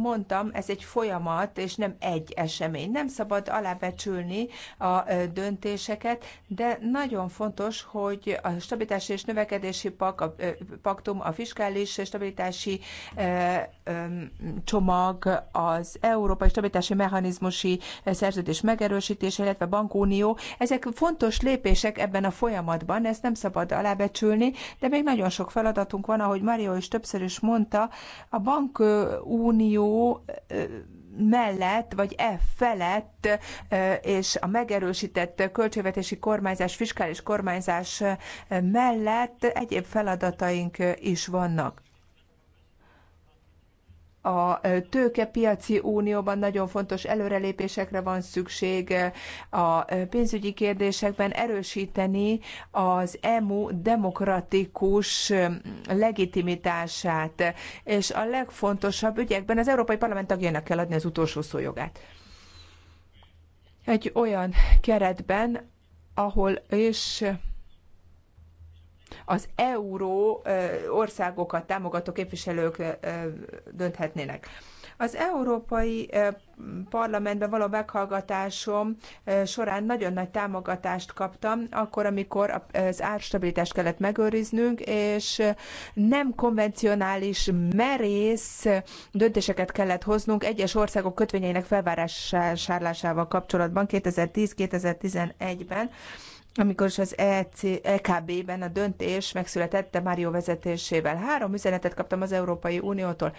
mondtam, ez egy folyamat, és nem egy esemény. Nem szabad alábecsülni a döntéseket, de nagyon fontos, hogy a stabilitási és növekedési pak, a, paktum, a fiskális stabilitási csomag, az európai stabilitási mechanizmusi szerződés megerősítése, illetve bankunió, ezek fontos lépések ebben a folyamatban, ezt nem szabad alábecsülni, de még nagyon sok feladatunk van, ahogy Mario is többször is mondta, a bankunió mellett, vagy e felett, és a megerősített költségvetési kormányzás, fiskális kormányzás mellett egyéb feladataink is vannak a tőkepiaci unióban nagyon fontos előrelépésekre van szükség a pénzügyi kérdésekben erősíteni az EMU demokratikus legitimitását, és a legfontosabb ügyekben az Európai Parlament tagjának kell adni az utolsó szójogát. Egy olyan keretben, ahol és az euró országokat támogató képviselők dönthetnének. Az Európai Parlamentben való meghallgatásom során nagyon nagy támogatást kaptam, akkor, amikor az árstabilitást kellett megőriznünk, és nem konvencionális, merész döntéseket kellett hoznunk egyes országok kötvényeinek felvásárlásával kapcsolatban 2010-2011-ben amikor is az EKB-ben e a döntés megszületett de Mário vezetésével. Három üzenetet kaptam az Európai Uniótól.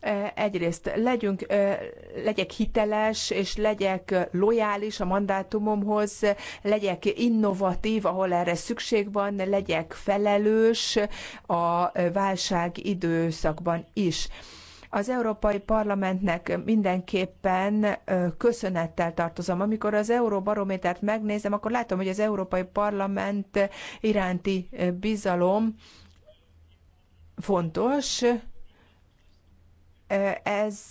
E, egyrészt legyünk, e, legyek hiteles, és legyek lojális a mandátumomhoz, legyek innovatív, ahol erre szükség van, legyek felelős a válság időszakban is az Európai Parlamentnek mindenképpen köszönettel tartozom. Amikor az Euróbarométert megnézem, akkor látom, hogy az Európai Parlament iránti bizalom fontos, ez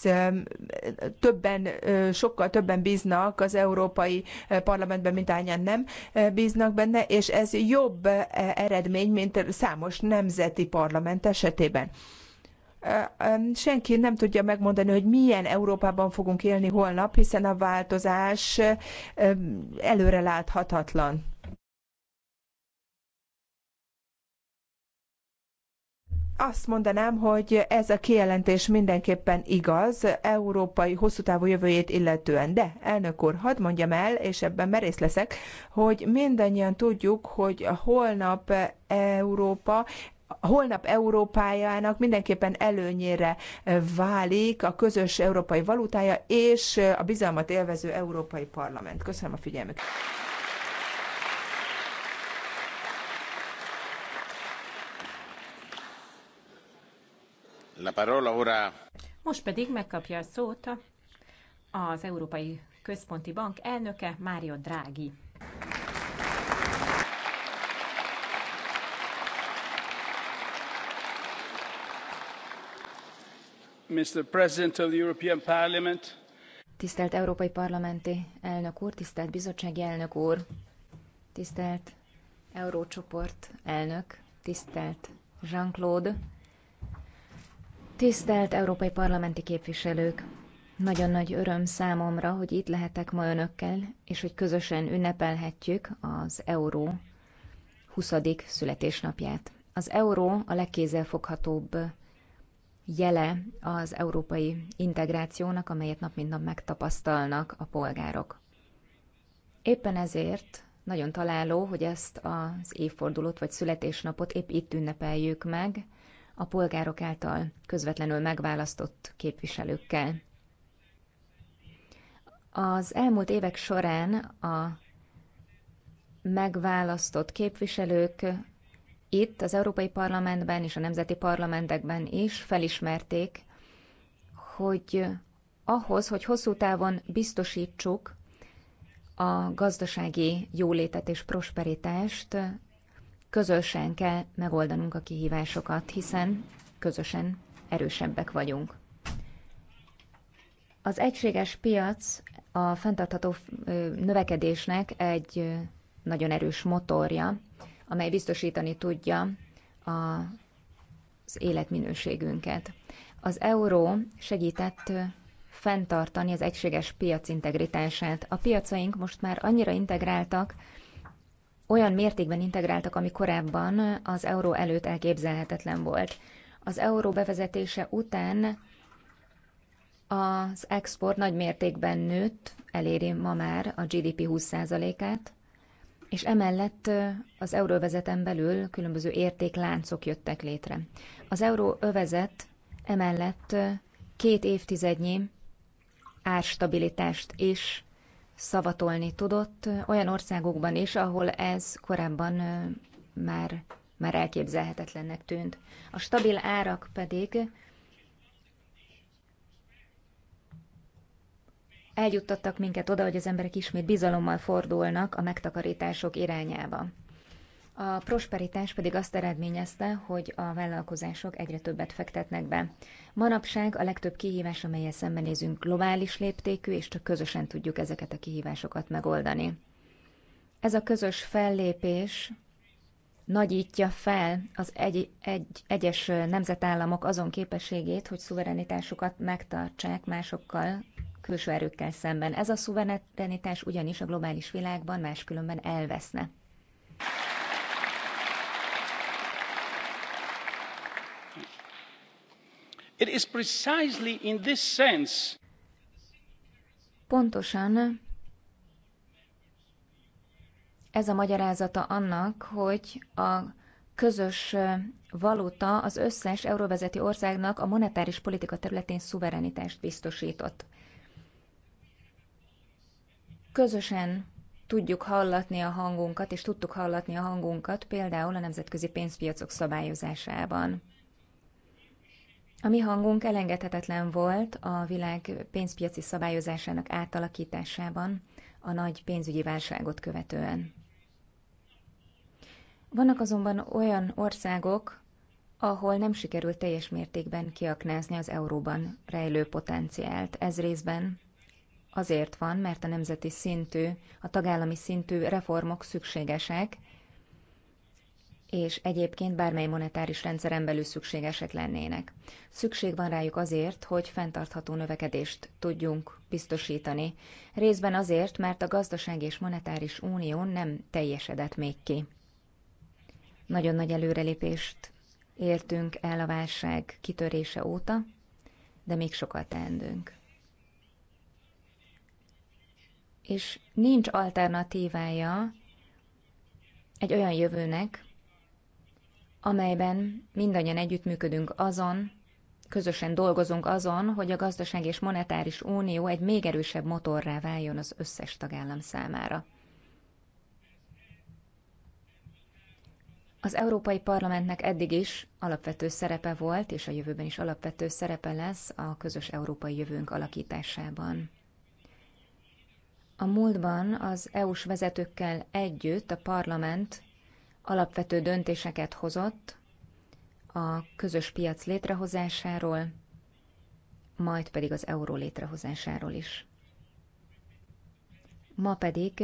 többen, sokkal többen bíznak az Európai Parlamentben, mint ányán nem bíznak benne, és ez jobb eredmény, mint számos nemzeti parlament esetében senki nem tudja megmondani, hogy milyen Európában fogunk élni holnap, hiszen a változás előreláthatatlan. azt mondanám, hogy ez a kijelentés mindenképpen igaz, európai hosszú távú jövőjét illetően. De, elnök úr, hadd mondjam el, és ebben merész leszek, hogy mindannyian tudjuk, hogy a holnap Európa holnap Európájának mindenképpen előnyére eh, válik a közös európai valutája és eh, a bizalmat élvező Európai Parlament. Köszönöm a figyelmüket. La parola ora. Most pedig megkapja a szót az Európai Központi Bank elnöke Mário Draghi. Tisztelt Európai Parlamenti elnök úr, tisztelt bizottsági elnök úr, tisztelt Eurócsoport elnök, tisztelt Jean-Claude, tisztelt Európai Parlamenti képviselők! Nagyon nagy öröm számomra, hogy itt lehetek ma önökkel, és hogy közösen ünnepelhetjük az euró 20. születésnapját. Az euró a legkézzelfoghatóbb jele az európai integrációnak, amelyet nap mint nap megtapasztalnak a polgárok. Éppen ezért nagyon találó, hogy ezt az évfordulót vagy születésnapot épp itt ünnepeljük meg, a polgárok által közvetlenül megválasztott képviselőkkel. Az elmúlt évek során a megválasztott képviselők itt az Európai Parlamentben és a nemzeti parlamentekben is felismerték, hogy ahhoz, hogy hosszú távon biztosítsuk a gazdasági jólétet és prosperitást, közösen kell megoldanunk a kihívásokat, hiszen közösen erősebbek vagyunk. Az egységes piac a fenntartható növekedésnek egy nagyon erős motorja, amely biztosítani tudja a, az életminőségünket. Az euró segített fenntartani az egységes piac integritását. A piacaink most már annyira integráltak, olyan mértékben integráltak, ami korábban az euró előtt elképzelhetetlen volt. Az euró bevezetése után az export nagy mértékben nőtt, eléri ma már a GDP 20%-át, és emellett az euróvezeten belül különböző értékláncok jöttek létre. Az euróövezet emellett két évtizednyi árstabilitást is szavatolni tudott olyan országokban is, ahol ez korábban már, már elképzelhetetlennek tűnt. A stabil árak pedig eljuttattak minket oda, hogy az emberek ismét bizalommal fordulnak a megtakarítások irányába. A prosperitás pedig azt eredményezte, hogy a vállalkozások egyre többet fektetnek be. Manapság a legtöbb kihívás, amelyel szembenézünk, globális léptékű, és csak közösen tudjuk ezeket a kihívásokat megoldani. Ez a közös fellépés nagyítja fel az egy, egy, egyes nemzetállamok azon képességét, hogy szuverenitásukat megtartsák másokkal külső erőkkel szemben. Ez a szuverenitás ugyanis a globális világban máskülönben elveszne. It is precisely in this sense. Pontosan ez a magyarázata annak, hogy a közös valuta az összes euróvezeti országnak a monetáris politika területén szuverenitást biztosított közösen tudjuk hallatni a hangunkat, és tudtuk hallatni a hangunkat például a nemzetközi pénzpiacok szabályozásában. A mi hangunk elengedhetetlen volt a világ pénzpiaci szabályozásának átalakításában a nagy pénzügyi válságot követően. Vannak azonban olyan országok, ahol nem sikerült teljes mértékben kiaknázni az euróban rejlő potenciált. Ez részben azért van, mert a nemzeti szintű, a tagállami szintű reformok szükségesek, és egyébként bármely monetáris rendszeren belül szükségesek lennének. Szükség van rájuk azért, hogy fenntartható növekedést tudjunk biztosítani. Részben azért, mert a gazdaság és monetáris unió nem teljesedett még ki. Nagyon nagy előrelépést értünk el a válság kitörése óta, de még sokat teendünk és nincs alternatívája egy olyan jövőnek, amelyben mindannyian együttműködünk azon, közösen dolgozunk azon, hogy a gazdaság és monetáris unió egy még erősebb motorrá váljon az összes tagállam számára. Az Európai Parlamentnek eddig is alapvető szerepe volt, és a jövőben is alapvető szerepe lesz a közös európai jövőnk alakításában. A múltban az EU-s vezetőkkel együtt a parlament alapvető döntéseket hozott a közös piac létrehozásáról, majd pedig az euró létrehozásáról is. Ma pedig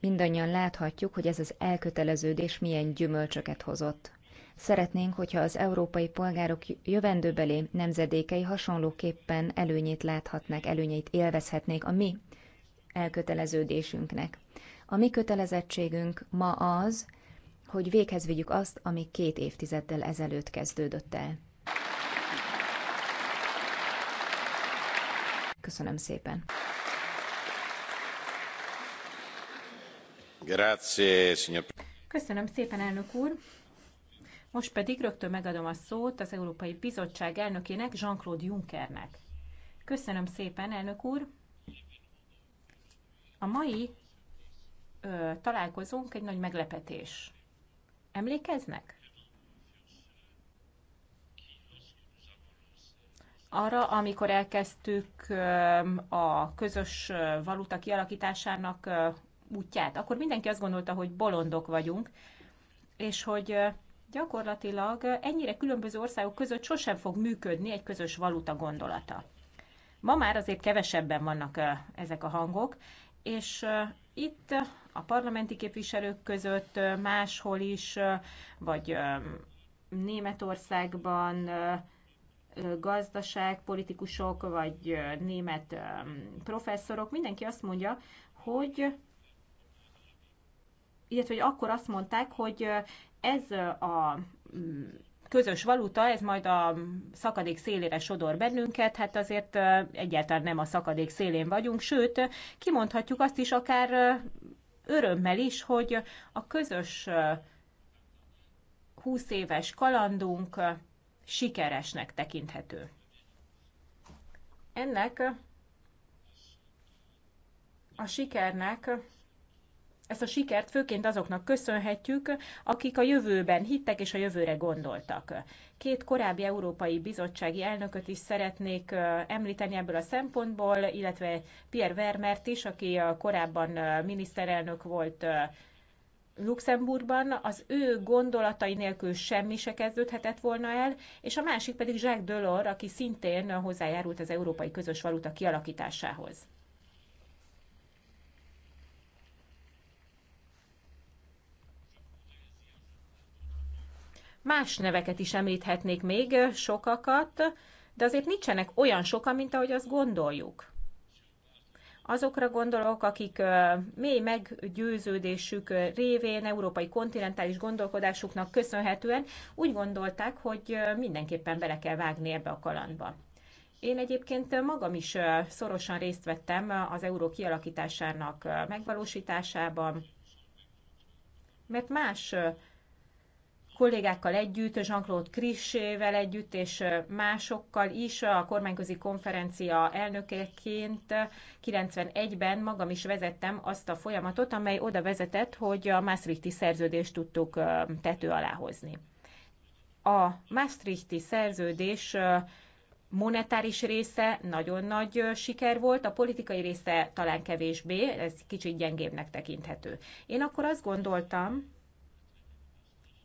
mindannyian láthatjuk, hogy ez az elköteleződés milyen gyümölcsöket hozott. Szeretnénk, hogyha az európai polgárok jövendőbeli nemzedékei hasonlóképpen előnyét láthatnák, előnyeit élvezhetnék a mi elköteleződésünknek. A mi kötelezettségünk ma az, hogy véghez vigyük azt, ami két évtizeddel ezelőtt kezdődött el. Köszönöm szépen. Grazie, signor... Köszönöm szépen, elnök úr. Most pedig rögtön megadom a szót az Európai Bizottság elnökének, Jean-Claude Junckernek. Köszönöm szépen, elnök úr! A mai ö, találkozónk egy nagy meglepetés. Emlékeznek? Arra, amikor elkezdtük a közös valuta kialakításának útját, akkor mindenki azt gondolta, hogy bolondok vagyunk, és hogy gyakorlatilag ennyire különböző országok között sosem fog működni egy közös valuta gondolata. Ma már azért kevesebben vannak ezek a hangok, és itt a parlamenti képviselők között máshol is, vagy Németországban gazdaságpolitikusok, vagy német professzorok, mindenki azt mondja, hogy illetve hogy akkor azt mondták, hogy ez a mm, közös valuta, ez majd a szakadék szélére sodor bennünket, hát azért egyáltalán nem a szakadék szélén vagyunk, sőt, kimondhatjuk azt is akár örömmel is, hogy a közös 20 éves kalandunk sikeresnek tekinthető. Ennek a sikernek ezt a sikert főként azoknak köszönhetjük, akik a jövőben hittek és a jövőre gondoltak. Két korábbi Európai Bizottsági elnököt is szeretnék említeni ebből a szempontból, illetve Pierre Vermert is, aki korábban miniszterelnök volt Luxemburgban az ő gondolatai nélkül semmi se kezdődhetett volna el, és a másik pedig Jacques Delors, aki szintén hozzájárult az európai közös valuta kialakításához. Más neveket is említhetnék még sokakat, de azért nincsenek olyan sokan, mint ahogy azt gondoljuk. Azokra gondolok, akik mély meggyőződésük révén, európai kontinentális gondolkodásuknak köszönhetően úgy gondolták, hogy mindenképpen bele kell vágni ebbe a kalandba. Én egyébként magam is szorosan részt vettem az euró kialakításának megvalósításában, mert más kollégákkal együtt, Jean-Claude Krissével együtt és másokkal is a kormányközi konferencia elnökeként 91-ben magam is vezettem azt a folyamatot, amely oda vezetett, hogy a Maastrichti szerződést tudtuk tető alá hozni. A Maastrichti szerződés monetáris része nagyon nagy siker volt, a politikai része talán kevésbé, ez kicsit gyengébbnek tekinthető. Én akkor azt gondoltam,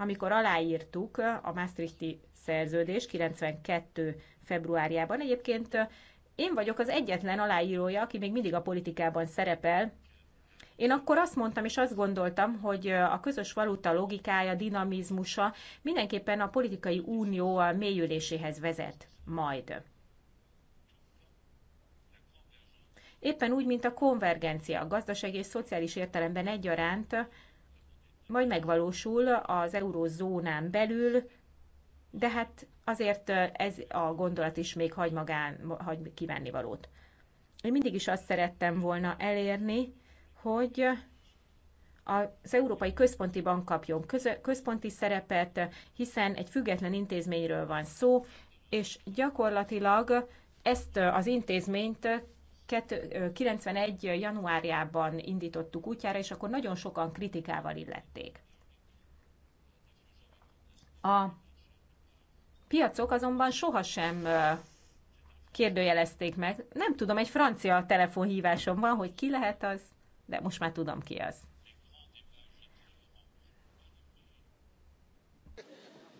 amikor aláírtuk a Maastrichti szerződés 92. februárjában. Egyébként én vagyok az egyetlen aláírója, aki még mindig a politikában szerepel. Én akkor azt mondtam és azt gondoltam, hogy a közös valuta logikája, dinamizmusa mindenképpen a politikai unió a mélyüléséhez vezet majd. Éppen úgy, mint a konvergencia, a gazdasági és szociális értelemben egyaránt majd megvalósul az eurózónán belül, de hát azért ez a gondolat is még hagy magán, hagy kivenni valót. Én mindig is azt szerettem volna elérni, hogy az Európai Központi Bank kapjon központi szerepet, hiszen egy független intézményről van szó, és gyakorlatilag ezt az intézményt 91. januárjában indítottuk útjára, és akkor nagyon sokan kritikával illették. A piacok azonban sohasem kérdőjelezték meg. Nem tudom, egy francia telefonhívásom van, hogy ki lehet az, de most már tudom ki az.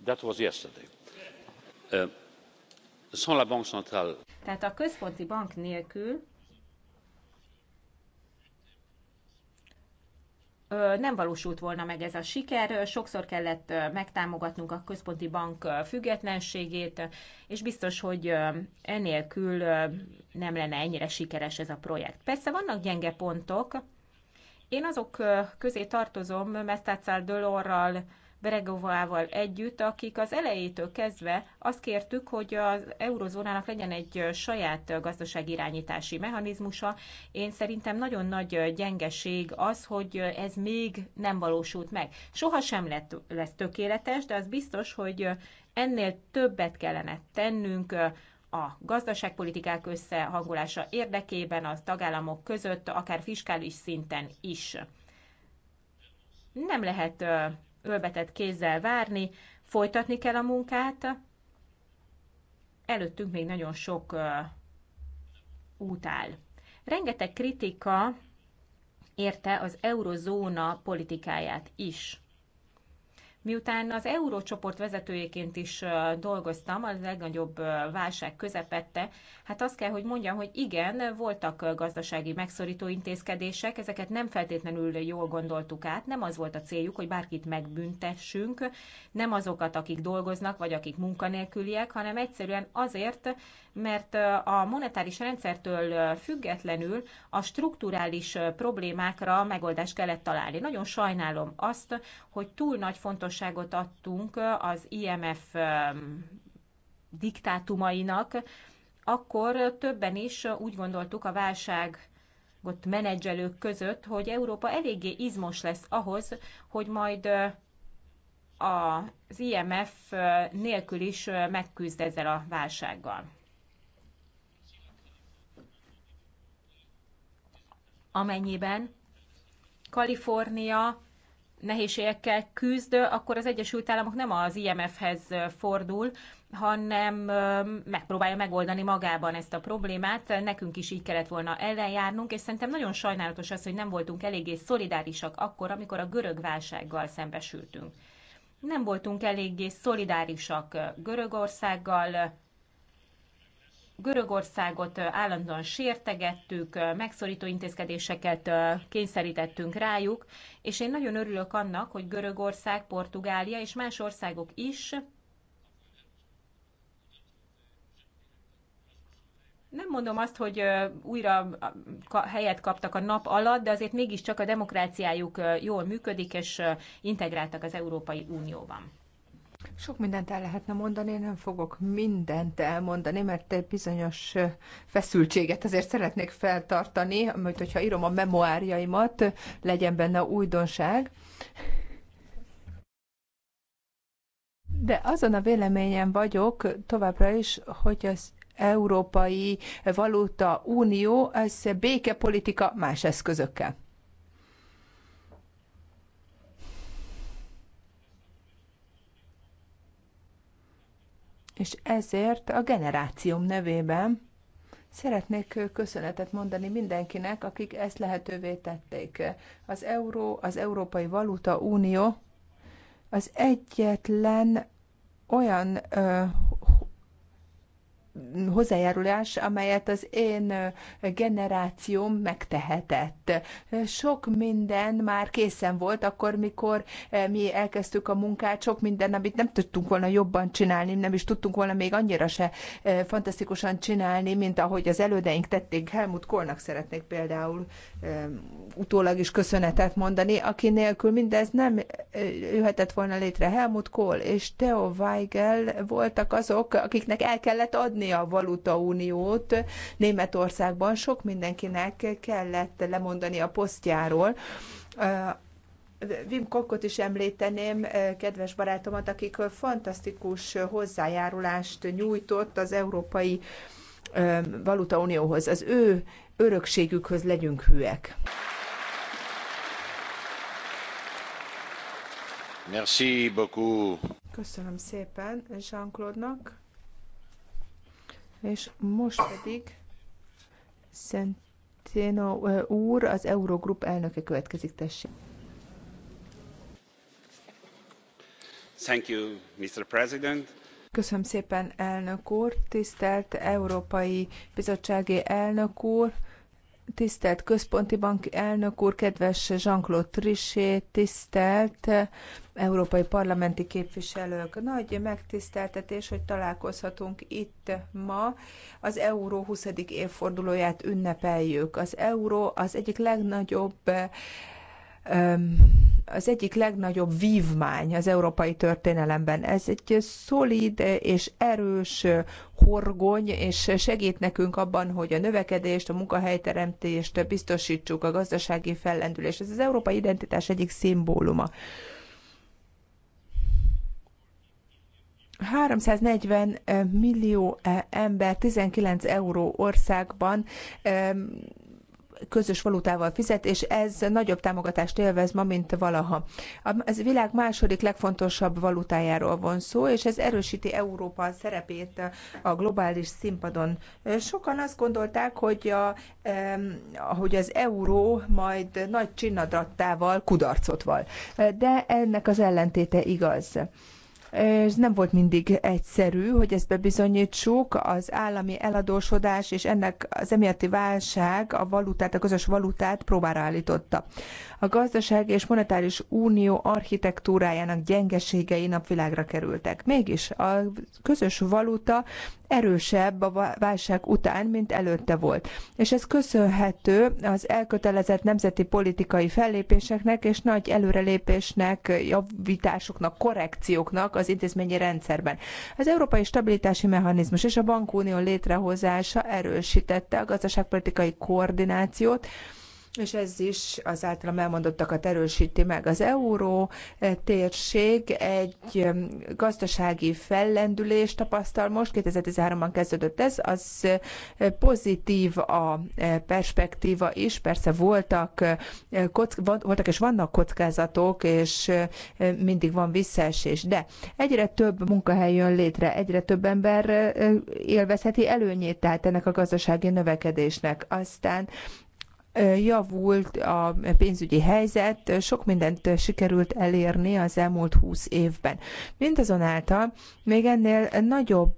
That was yesterday. Uh, sans la Banque Centrale. Tehát a központi bank nélkül nem valósult volna meg ez a siker. Sokszor kellett megtámogatnunk a központi bank függetlenségét, és biztos, hogy enélkül nem lenne ennyire sikeres ez a projekt. Persze vannak gyenge pontok. Én azok közé tartozom, Mestázal Dolorral, Beregovával együtt, akik az elejétől kezdve azt kértük, hogy az eurozónának legyen egy saját gazdaságirányítási mechanizmusa. Én szerintem nagyon nagy gyengeség az, hogy ez még nem valósult meg. Soha sem lett, lesz tökéletes, de az biztos, hogy ennél többet kellene tennünk a gazdaságpolitikák összehangolása érdekében az tagállamok között, akár fiskális szinten is. Nem lehet ölbetett kézzel várni, folytatni kell a munkát. Előttünk még nagyon sok út áll. Rengeteg kritika érte az eurozóna politikáját is. Miután az eurócsoport vezetőjéként is dolgoztam, a legnagyobb válság közepette, hát azt kell, hogy mondjam, hogy igen, voltak gazdasági megszorító intézkedések, ezeket nem feltétlenül jól gondoltuk át, nem az volt a céljuk, hogy bárkit megbüntessünk, nem azokat, akik dolgoznak, vagy akik munkanélküliek, hanem egyszerűen azért, mert a monetáris rendszertől függetlenül a strukturális problémákra megoldást kellett találni. Nagyon sajnálom azt, hogy túl nagy fontosságot adtunk az IMF diktátumainak, akkor többen is úgy gondoltuk a válság ott menedzselők között, hogy Európa eléggé izmos lesz ahhoz, hogy majd az IMF nélkül is megküzd ezzel a válsággal. amennyiben Kalifornia nehézségekkel küzd, akkor az Egyesült Államok nem az IMF-hez fordul, hanem megpróbálja megoldani magában ezt a problémát. Nekünk is így kellett volna ellenjárnunk, és szerintem nagyon sajnálatos az, hogy nem voltunk eléggé szolidárisak akkor, amikor a görög válsággal szembesültünk. Nem voltunk eléggé szolidárisak Görögországgal, Görögországot állandóan sértegettük, megszorító intézkedéseket kényszerítettünk rájuk, és én nagyon örülök annak, hogy Görögország, Portugália és más országok is Nem mondom azt, hogy újra helyet kaptak a nap alatt, de azért mégiscsak a demokráciájuk jól működik, és integráltak az Európai Unióban. Sok mindent el lehetne mondani, nem fogok mindent elmondani, mert egy bizonyos feszültséget azért szeretnék feltartani, amit hogyha írom a memoárjaimat, legyen benne újdonság. De azon a véleményen vagyok továbbra is, hogy az Európai Valuta Unió, ez békepolitika más eszközökkel. és ezért a generációm nevében Szeretnék köszönetet mondani mindenkinek, akik ezt lehetővé tették. Az euró, az Európai Valuta Unió az egyetlen olyan ö, hozzájárulás, amelyet az én generációm megtehetett. Sok minden már készen volt akkor, mikor mi elkezdtük a munkát, sok minden, amit nem tudtunk volna jobban csinálni, nem is tudtunk volna még annyira se fantasztikusan csinálni, mint ahogy az elődeink tették. Helmut Kornak szeretnék például utólag is köszönetet mondani, aki nélkül mindez nem jöhetett volna létre. Helmut Kohl és Theo Weigel voltak azok, akiknek el kellett adni feladni a valutauniót Németországban. Sok mindenkinek kellett lemondani a posztjáról. Wim Kokkot is említeném, kedves barátomat, akik fantasztikus hozzájárulást nyújtott az Európai Valutaunióhoz. Az ő örökségükhöz legyünk hűek. Merci beaucoup. Köszönöm szépen Jean-Claude-nak. És most pedig Szentino úr, az Eurogrup elnöke következik, tessék. Thank you, Mr. President. Köszönöm szépen, elnök úr, tisztelt Európai Bizottsági elnök úr, tisztelt központi bank elnök úr, kedves Jean-Claude Trichet, tisztelt európai parlamenti képviselők! Nagy megtiszteltetés, hogy találkozhatunk itt ma. Az euró 20. évfordulóját ünnepeljük. Az euró az egyik legnagyobb um, az egyik legnagyobb vívmány az európai történelemben. Ez egy szolid és erős horgony, és segít nekünk abban, hogy a növekedést, a munkahelyteremtést biztosítsuk, a gazdasági fellendülés. Ez az európai identitás egyik szimbóluma. 340 eh, millió eh, ember 19 euró országban eh, közös valutával fizet, és ez nagyobb támogatást élvez ma, mint valaha. a világ második legfontosabb valutájáról van szó, és ez erősíti Európa szerepét a globális színpadon. Sokan azt gondolták, hogy, a, hogy az euró majd nagy csinadrattával kudarcot val, de ennek az ellentéte igaz és nem volt mindig egyszerű, hogy ezt bebizonyítsuk. Az állami eladósodás és ennek az emiatti válság a valutát, a közös valutát próbára állította. A gazdaság és monetáris unió architektúrájának gyengeségei napvilágra kerültek. Mégis a közös valuta erősebb a válság után, mint előtte volt. És ez köszönhető az elkötelezett nemzeti politikai fellépéseknek és nagy előrelépésnek, javításoknak, korrekcióknak az intézményi rendszerben. Az Európai Stabilitási Mechanizmus és a Bankunió létrehozása erősítette a gazdaságpolitikai koordinációt, és ez is az általam elmondottakat erősíti meg. Az euró eh, térség egy eh, gazdasági fellendülést tapasztal most, 2013-ban kezdődött ez, az eh, pozitív a perspektíva is, persze voltak, voltak és vannak kockázatok, és mindig van visszaesés, de egyre több munkahely jön létre, egyre több ember élvezheti előnyét, tehát ennek a gazdasági növekedésnek. Aztán javult a pénzügyi helyzet, sok mindent sikerült elérni az elmúlt húsz évben. Mindazonáltal még ennél nagyobb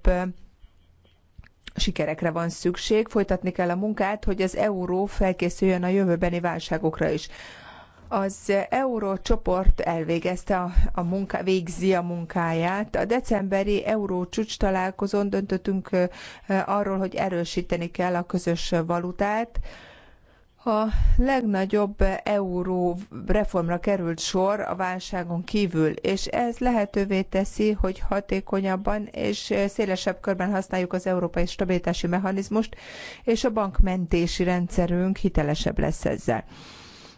sikerekre van szükség, folytatni kell a munkát, hogy az euró felkészüljön a jövőbeni válságokra is. Az eurócsoport elvégezte a, a munka, végzi a munkáját. A decemberi eurócsúcs találkozón döntöttünk arról, hogy erősíteni kell a közös valutát, a legnagyobb euró reformra került sor a válságon kívül, és ez lehetővé teszi, hogy hatékonyabban és szélesebb körben használjuk az európai stabilitási mechanizmust, és a bankmentési rendszerünk hitelesebb lesz ezzel.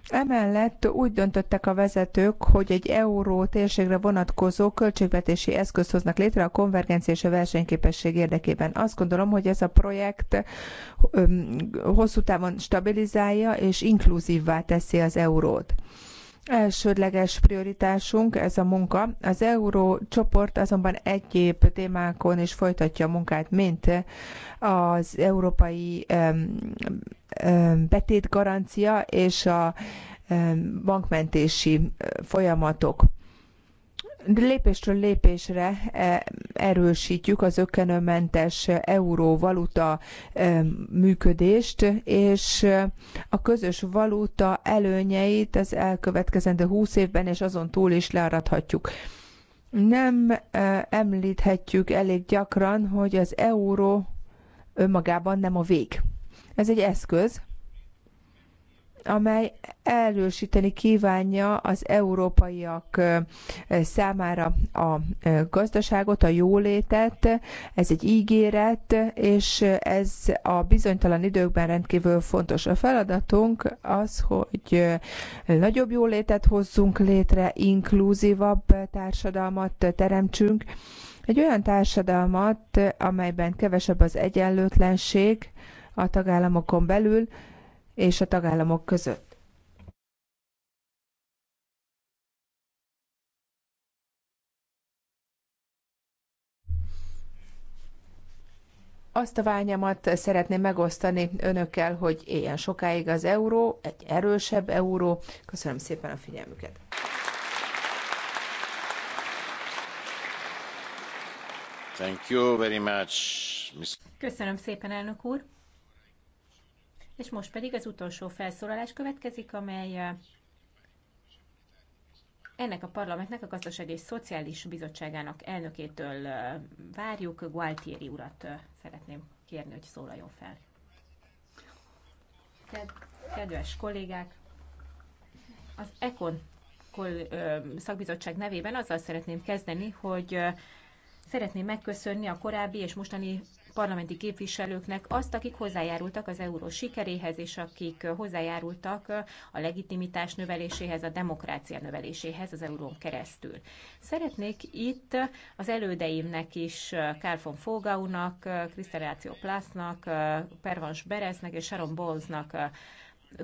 Emellett úgy döntöttek a vezetők, hogy egy euró térségre vonatkozó költségvetési eszközt hoznak létre a konvergencia és a versenyképesség érdekében. Azt gondolom, hogy ez a projekt hosszú távon stabilizálja és inkluzívvá teszi az eurót. Elsődleges prioritásunk ez a munka. Az euró csoport azonban egyéb témákon is folytatja a munkát, mint az európai betétgarancia és a bankmentési folyamatok lépésről lépésre e, erősítjük az ökkenőmentes euróvaluta e, működést, és a közös valuta előnyeit az elkövetkezendő 20 évben és azon túl is learadhatjuk. Nem e, említhetjük elég gyakran, hogy az euró önmagában nem a vég. Ez egy eszköz, amely erősíteni kívánja az európaiak számára a gazdaságot, a jólétet. Ez egy ígéret, és ez a bizonytalan időkben rendkívül fontos. A feladatunk az, hogy nagyobb jólétet hozzunk létre, inkluzívabb társadalmat teremtsünk, egy olyan társadalmat, amelyben kevesebb az egyenlőtlenség a tagállamokon belül, és a tagállamok között. Azt a ványamat szeretném megosztani önökkel, hogy éljen sokáig az euró, egy erősebb euró. Köszönöm szépen a figyelmüket! Thank you very much, Köszönöm szépen, elnök úr! És most pedig az utolsó felszólalás következik, amely eh, ennek a parlamentnek a Gazdasági és Szociális Bizottságának elnökétől eh, várjuk. Gualtieri urat eh, szeretném kérni, hogy szólaljon fel. Kedves kollégák, az ECON szakbizottság nevében azzal szeretném kezdeni, hogy szeretném megköszönni a korábbi és mostani parlamenti képviselőknek azt, akik hozzájárultak az euró sikeréhez, és akik hozzájárultak a legitimitás növeléséhez, a demokrácia növeléséhez az eurón keresztül. Szeretnék itt az elődeimnek is, Kálfon von Fogaunak, Kriszteráció Plásznak, Pervans Bereznek és Sharon Bowlesnak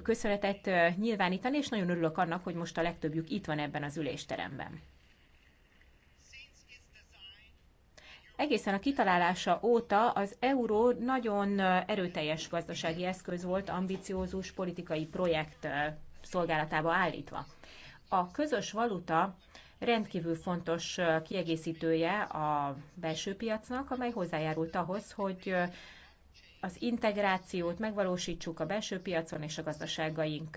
köszönetet nyilvánítani, és nagyon örülök annak, hogy most a legtöbbjük itt van ebben az ülésteremben. Egészen a kitalálása óta az euró nagyon erőteljes gazdasági eszköz volt, ambiciózus politikai projekt szolgálatába állítva. A közös valuta rendkívül fontos kiegészítője a belső piacnak, amely hozzájárult ahhoz, hogy az integrációt megvalósítsuk a belső piacon, és a gazdaságaink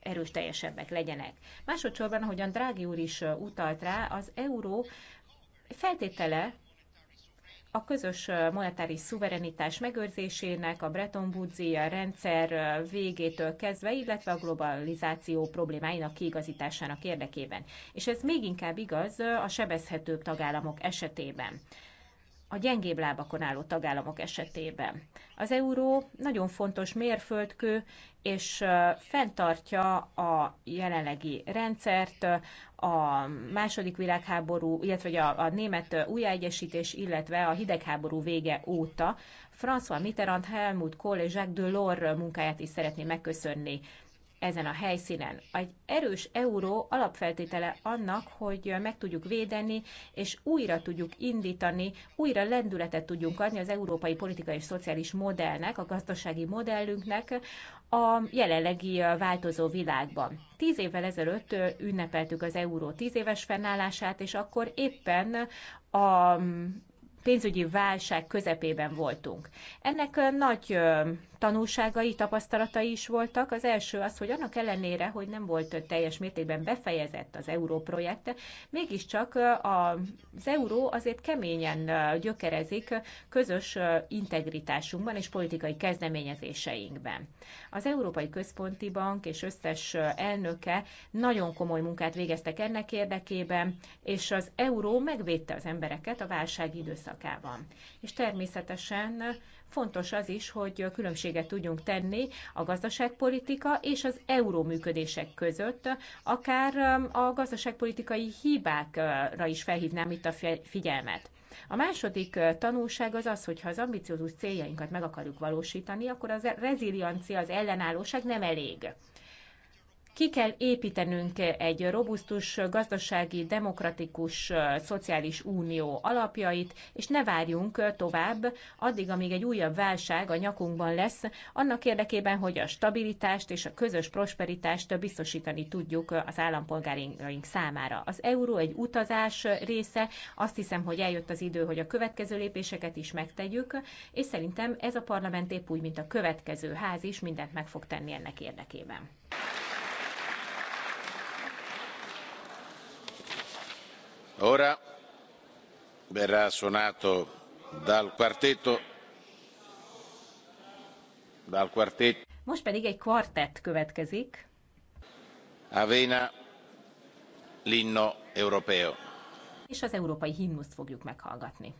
erős teljesebbek legyenek. Másodszorban, ahogyan Drági úr is utalt rá, az euró feltétele a közös monetáris szuverenitás megőrzésének, a Bretton woods rendszer végétől kezdve, illetve a globalizáció problémáinak kiigazításának érdekében. És ez még inkább igaz a sebezhetőbb tagállamok esetében a gyengébb lábakon álló tagállamok esetében. Az euró nagyon fontos mérföldkő, és fenntartja a jelenlegi rendszert, a második világháború, illetve a, a német újjáegyesítés, illetve a hidegháború vége óta. François Mitterrand, Helmut Kohl és Jacques Delors munkáját is szeretném megköszönni ezen a helyszínen. Egy erős euró alapfeltétele annak, hogy meg tudjuk védeni, és újra tudjuk indítani, újra lendületet tudjunk adni az európai politikai és szociális modellnek, a gazdasági modellünknek a jelenlegi változó világban. Tíz évvel ezelőtt ünnepeltük az euró tíz éves fennállását, és akkor éppen a pénzügyi válság közepében voltunk. Ennek nagy tanulságai, tapasztalatai is voltak. Az első az, hogy annak ellenére, hogy nem volt teljes mértékben befejezett az euró projekt, mégiscsak az euró azért keményen gyökerezik közös integritásunkban és politikai kezdeményezéseinkben. Az Európai Központi Bank és összes elnöke nagyon komoly munkát végeztek ennek érdekében, és az euró megvédte az embereket a válság időszakában. És természetesen fontos az is, hogy különbséget tudjunk tenni a gazdaságpolitika és az euró működések között, akár um, a gazdaságpolitikai hibákra is felhívnám itt a figyelmet. A második uh, tanulság az az, hogy ha az ambiciózus céljainkat meg akarjuk valósítani, akkor az reziliancia, az ellenállóság nem elég. Ki kell építenünk egy robusztus, gazdasági, demokratikus, szociális unió alapjait, és ne várjunk tovább, addig, amíg egy újabb válság a nyakunkban lesz, annak érdekében, hogy a stabilitást és a közös prosperitást biztosítani tudjuk az állampolgáraink számára. Az euró egy utazás része, azt hiszem, hogy eljött az idő, hogy a következő lépéseket is megtegyük, és szerintem ez a parlament épp úgy, mint a következő ház is mindent meg fog tenni ennek érdekében. ora verrà suonato dal quartetto dal quartetto most pedig egy kvartett következik. Avena l'inno europeo. És az európai himnuszt fogjuk meghallgatni.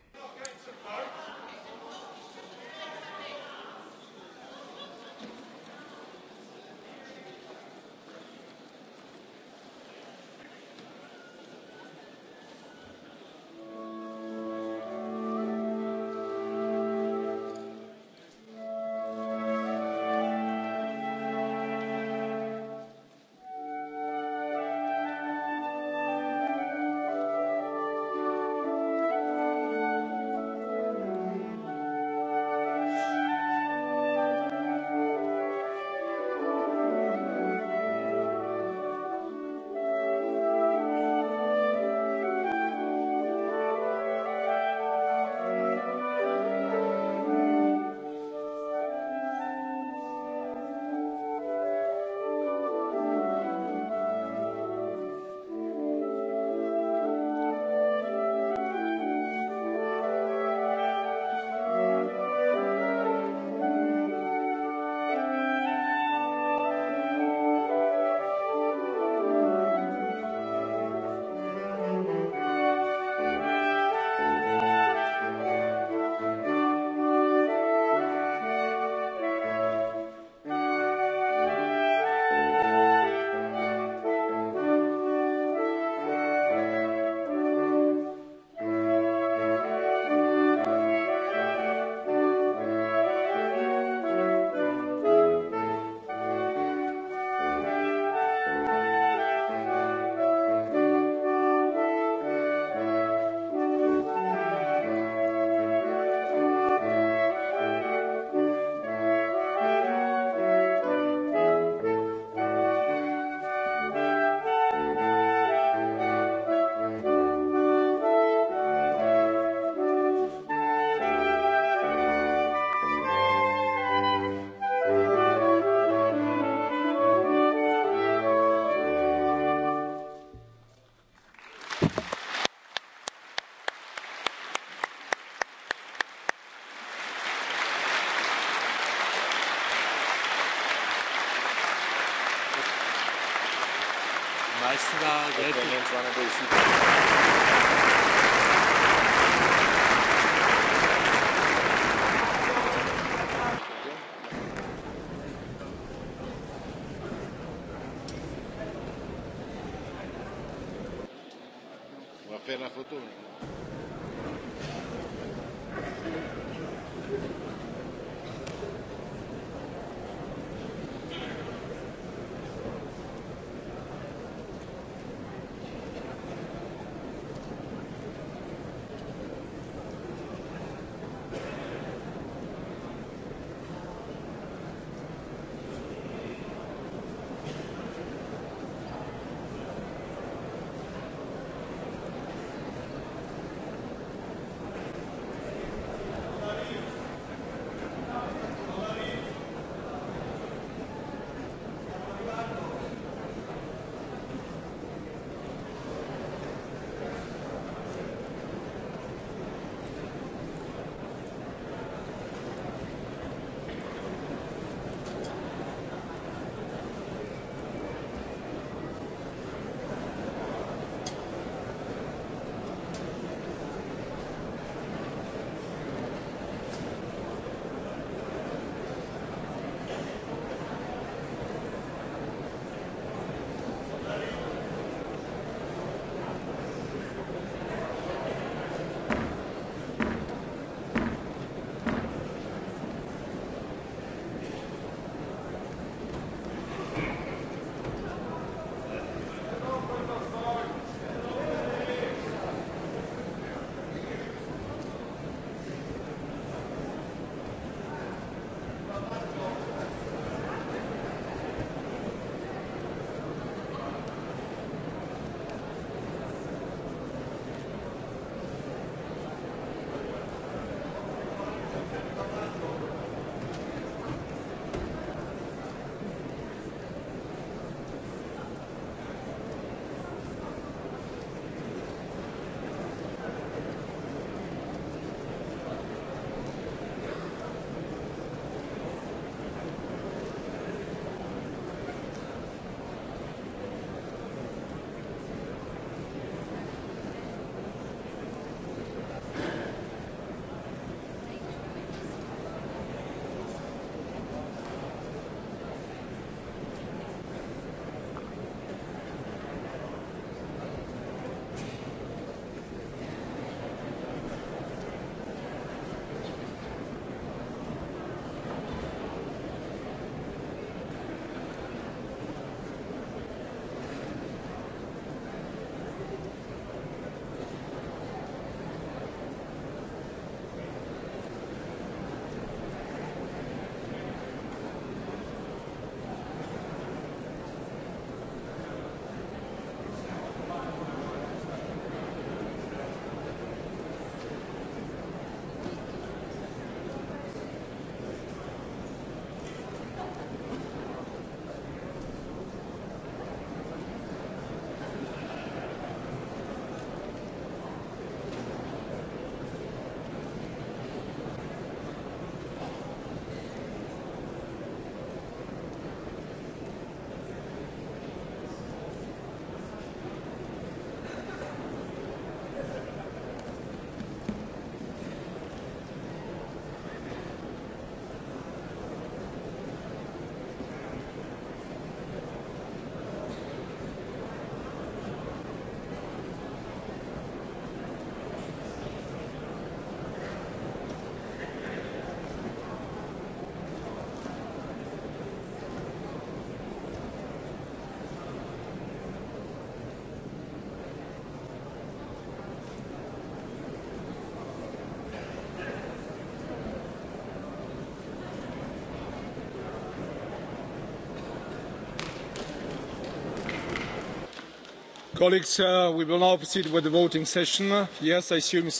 leistung der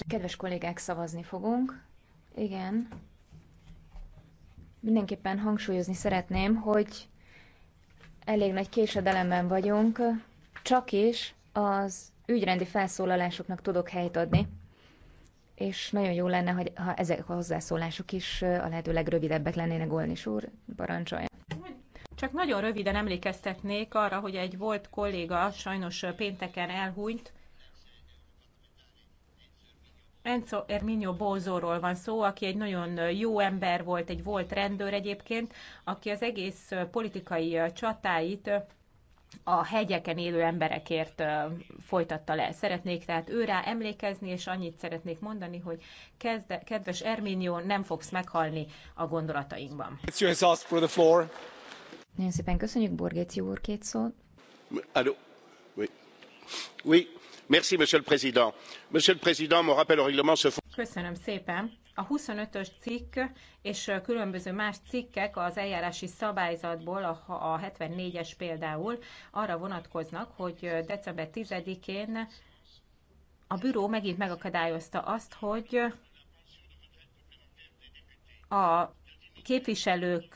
Kedves kollégák, szavazni fogunk. Igen. Mindenképpen hangsúlyozni szeretném, hogy elég nagy késedelemben vagyunk, csak is az ügyrendi felszólalásoknak tudok helyt adni, és nagyon jó lenne, ha ezek a hozzászólások is uh, a lehető legrövidebbek lennének, Golnis úr, parancsolja. Csak nagyon röviden emlékeztetnék arra, hogy egy volt kolléga sajnos pénteken elhunyt, Enzo Erminio Bózóról van szó, aki egy nagyon jó ember volt, egy volt rendőr egyébként, aki az egész politikai csatáit a hegyeken élő emberekért folytatta le. Szeretnék tehát őrá emlékezni, és annyit szeretnék mondani, hogy kezde, kedves Erminio, nem fogsz meghalni a gondolatainkban. Nagyon szépen köszönjük, Borgéci úr két szót. Allô? Oui. Oui. Merci, monsieur le président. Monsieur le président, mon rappel au règlement se Köszönöm szépen. A 25-ös cikk és különböző más cikkek az eljárási szabályzatból, a 74-es például, arra vonatkoznak, hogy december 10-én a büró megint megakadályozta azt, hogy a képviselők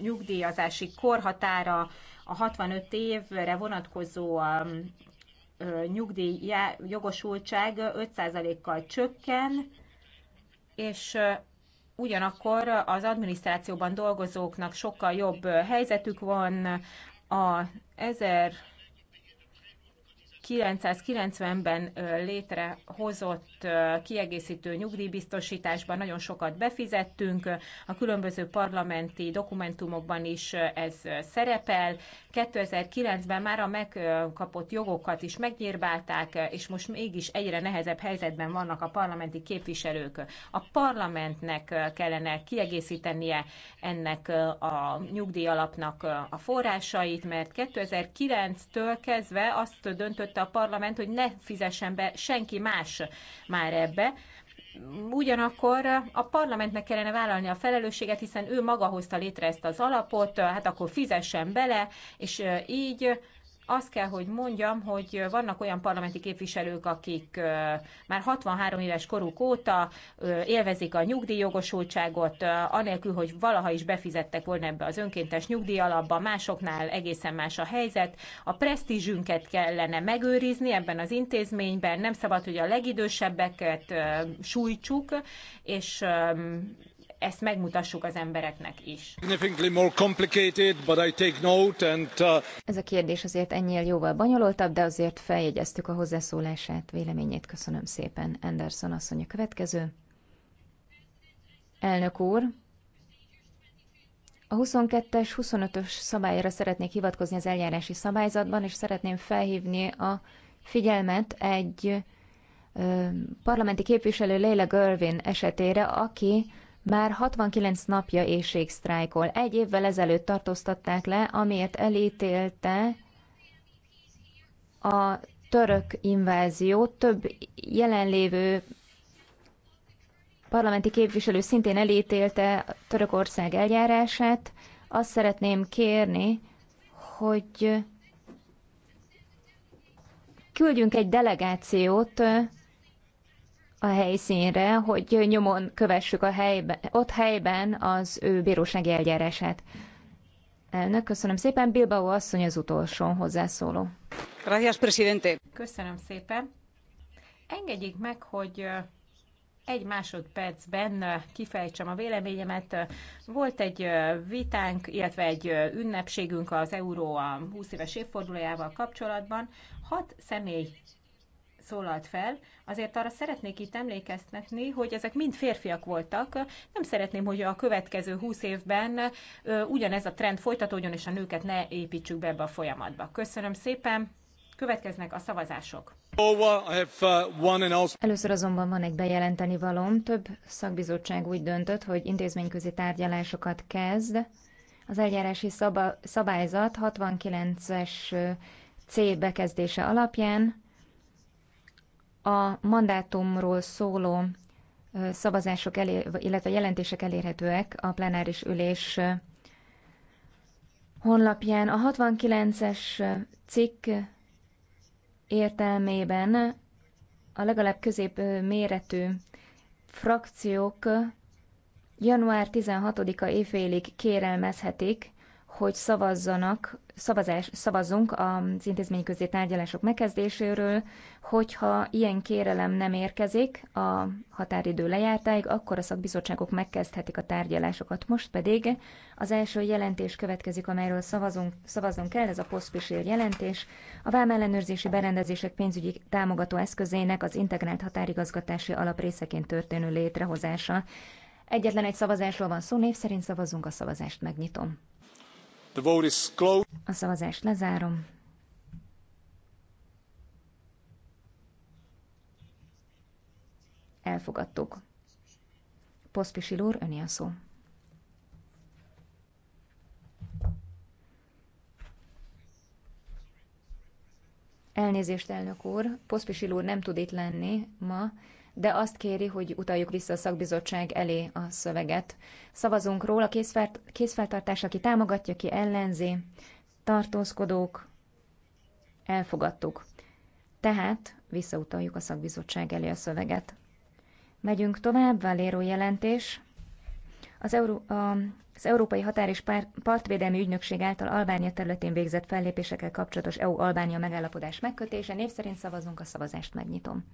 nyugdíjazási korhatára, a 65 évre vonatkozó nyugdíj jogosultság 5%-kal csökken, és ugyanakkor az adminisztrációban dolgozóknak sokkal jobb helyzetük van, a 1000 1990-ben létrehozott kiegészítő nyugdíjbiztosításban nagyon sokat befizettünk, a különböző parlamenti dokumentumokban is ez szerepel. 2009-ben már a megkapott jogokat is megnyírbálták, és most mégis egyre nehezebb helyzetben vannak a parlamenti képviselők. A parlamentnek kellene kiegészítenie ennek a nyugdíjalapnak a forrásait, mert 2009-től kezdve azt döntött, kérte a parlament, hogy ne fizessen be senki más már ebbe. Ugyanakkor a parlamentnek kellene vállalni a felelősséget, hiszen ő maga hozta létre ezt az alapot, hát akkor fizessen bele, és így azt kell, hogy mondjam, hogy vannak olyan parlamenti képviselők, akik már 63 éves koruk óta élvezik a nyugdíjjogosultságot, anélkül, hogy valaha is befizettek volna ebbe az önkéntes nyugdíjalapba, másoknál egészen más a helyzet. A presztízsünket kellene megőrizni ebben az intézményben, nem szabad, hogy a legidősebbeket sújtsuk, és ezt megmutassuk az embereknek is. Uh, Ez a kérdés azért ennyire jóval bonyolultabb, de azért feljegyeztük a hozzászólását, véleményét köszönöm szépen. Anderson asszony a következő. Elnök úr, a 22-es, 25-ös szabályra szeretnék hivatkozni az eljárási szabályzatban, és szeretném felhívni a figyelmet egy parlamenti képviselő Leila Görvin esetére, aki már 69 napja éjségsztrájkol. Egy évvel ezelőtt tartóztatták le, amiért elítélte a török inváziót. Több jelenlévő parlamenti képviselő szintén elítélte Törökország eljárását. Azt szeretném kérni, hogy küldjünk egy delegációt a helyszínre, hogy nyomon kövessük a helyben, ott helyben az ő bírósági eljárását. Elnök, köszönöm szépen. Bilbao asszony az utolsó hozzászóló. Gracias, presidente. Köszönöm szépen. Engedjék meg, hogy egy másodpercben kifejtsem a véleményemet. Volt egy vitánk, illetve egy ünnepségünk az euró a 20 éves évfordulójával kapcsolatban. Hat személy szólalt fel, azért arra szeretnék itt emlékeztetni, hogy ezek mind férfiak voltak. Nem szeretném, hogy a következő húsz évben ugyanez a trend folytatódjon, és a nőket ne építsük be ebbe a folyamatba. Köszönöm szépen! Következnek a szavazások. Először azonban van egy bejelenteni valóm. Több szakbizottság úgy döntött, hogy intézményközi tárgyalásokat kezd. Az eljárási szabályzat 69-es C bekezdése alapján a mandátumról szóló szavazások, elé, illetve jelentések elérhetőek a plenáris ülés honlapján. A 69-es cikk értelmében a legalább közép méretű frakciók január 16-a évfélig kérelmezhetik hogy szavazzanak, szavazás, szavazzunk az közé tárgyalások megkezdéséről, hogyha ilyen kérelem nem érkezik a határidő lejártáig, akkor a szakbizottságok megkezdhetik a tárgyalásokat. Most pedig az első jelentés következik, amelyről szavazunk, szavazunk kell, ez a posztpisér jelentés. A vámellenőrzési berendezések pénzügyi támogató eszközének az integrált határigazgatási alaprészeként történő létrehozása. Egyetlen egy szavazásról van szó, név szerint szavazunk, a szavazást megnyitom. The vote is closed. A szavazást lezárom. Elfogadtuk. Poszpisil úr, öné a szó. Elnézést, elnök úr, Poszpisil úr nem tud itt lenni ma, de azt kéri, hogy utaljuk vissza a szakbizottság elé a szöveget. Szavazunk róla, készfeltartás, aki támogatja, ki ellenzi, tartózkodók, elfogadtuk. Tehát visszautaljuk a szakbizottság elé a szöveget. Megyünk tovább, Valéró jelentés. Az, Euró- a, az Európai Határ és Partvédelmi Ügynökség által Albánia területén végzett fellépésekkel kapcsolatos EU-Albánia megállapodás megkötése. Név szerint szavazunk, a szavazást megnyitom.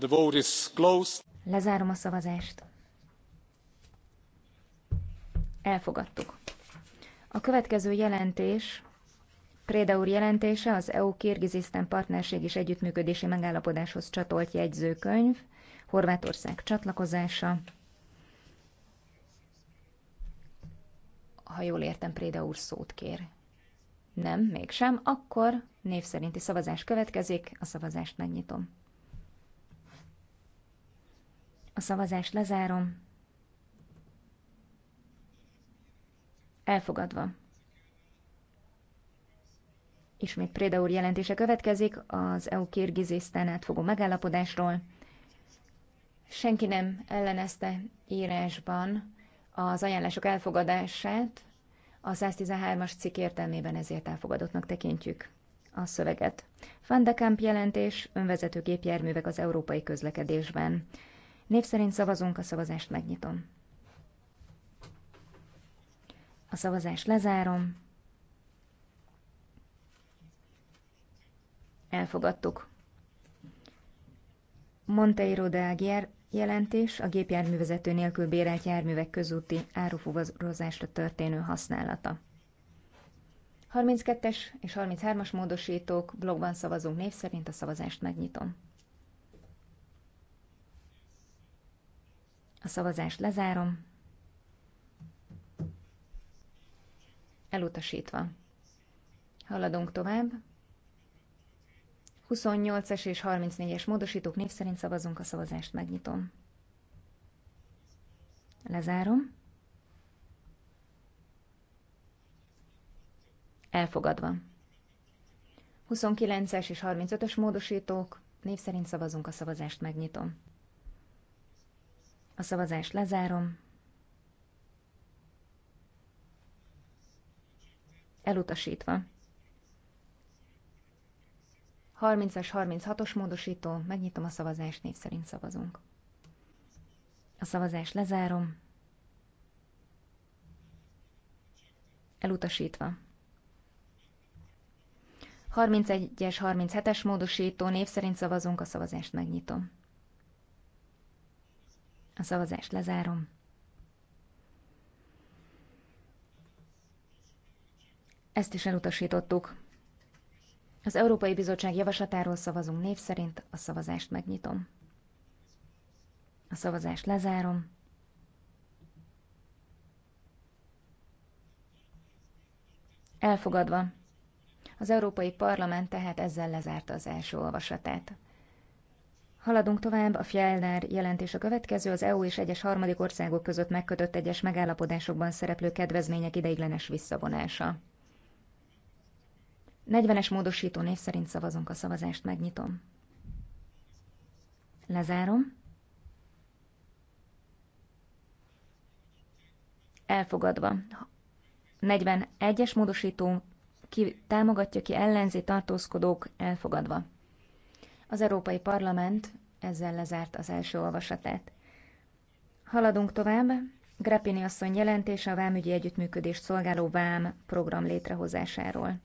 The vote is closed. Lezárom a szavazást. Elfogadtuk. A következő jelentés, Préda úr jelentése az EU-Kirgizisztán partnerség és együttműködési megállapodáshoz csatolt jegyzőkönyv, Horvátország csatlakozása. Ha jól értem, Préda úr szót kér. Nem, mégsem, akkor név szerinti szavazás következik, a szavazást megnyitom. A szavazást lezárom. Elfogadva. Ismét Préda úr jelentése következik az EU Kirgizisztán átfogó megállapodásról. Senki nem ellenezte írásban az ajánlások elfogadását, a 113-as cikk értelmében ezért elfogadottnak tekintjük a szöveget. Van de Kamp jelentés önvezető gépjárművek az európai közlekedésben. Név szerint szavazunk, a szavazást megnyitom. A szavazást lezárom. Elfogadtuk. Monteiro de Aguiar jelentés a gépjárművezető nélkül bérelt járművek közúti árufúvozásra történő használata. 32-es és 33-as módosítók blogban szavazunk név szerint a szavazást megnyitom. A szavazást lezárom. Elutasítva. Haladunk tovább. 28-es és 34-es módosítók név szerint szavazunk, a szavazást megnyitom. Lezárom. Elfogadva. 29-es és 35-ös módosítók név szerint szavazunk, a szavazást megnyitom. A szavazást lezárom. Elutasítva. 30-as, 36-os módosító. Megnyitom a szavazást, név szerint szavazunk. A szavazást lezárom. Elutasítva. 31-es, 37-es módosító. Név szerint szavazunk, a szavazást megnyitom. A szavazást lezárom. Ezt is elutasítottuk. Az Európai Bizottság javaslatáról szavazunk név szerint, a szavazást megnyitom. A szavazást lezárom. Elfogadva. Az Európai Parlament tehát ezzel lezárta az első olvasatát. Haladunk tovább, a Fjellner jelentés a következő, az EU és egyes harmadik országok között megkötött egyes megállapodásokban szereplő kedvezmények ideiglenes visszavonása. 40-es módosító név szerint szavazunk a szavazást, megnyitom. Lezárom. Elfogadva. 41-es módosító ki támogatja, ki ellenzi tartózkodók, elfogadva. Az Európai Parlament ezzel lezárt az első olvasatát. Haladunk tovább. Grappini asszony jelentése a vámügyi együttműködést szolgáló vám program létrehozásáról.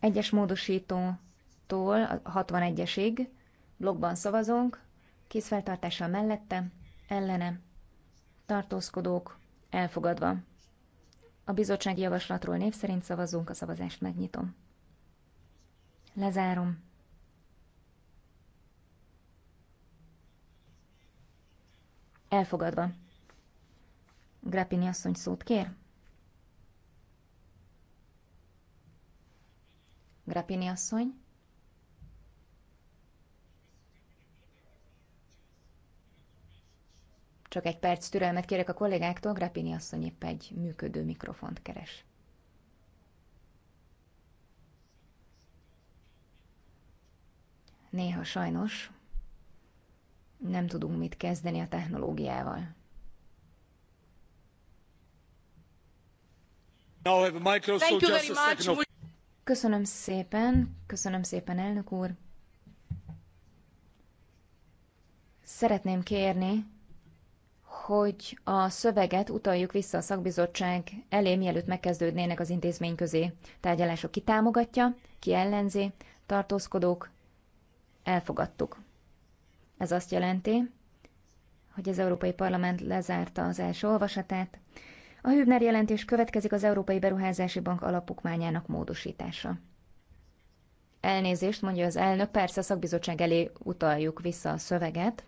Egyes módosítótól 61-esig blogban szavazunk, készfeltartással mellette, ellene, tartózkodók, elfogadva. A bizottsági javaslatról név szerint szavazunk, a szavazást megnyitom. Lezárom. Elfogadva. Grappini asszony szót kér? Grappini asszony? Csak egy perc türelmet kérek a kollégáktól, Grappini asszony épp egy működő mikrofont keres. Néha sajnos nem tudunk mit kezdeni a technológiával. Köszönöm szépen, köszönöm szépen, elnök úr. Szeretném kérni, hogy a szöveget utaljuk vissza a szakbizottság elé, mielőtt megkezdődnének az intézmény közé tárgyalások. Ki támogatja, ki ellenzi, tartózkodók, elfogadtuk. Ez azt jelenti, hogy az Európai Parlament lezárta az első olvasatát. A Hübner jelentés következik az Európai Beruházási Bank alapokmányának módosítása. Elnézést, mondja az elnök, persze a szakbizottság elé utaljuk vissza a szöveget.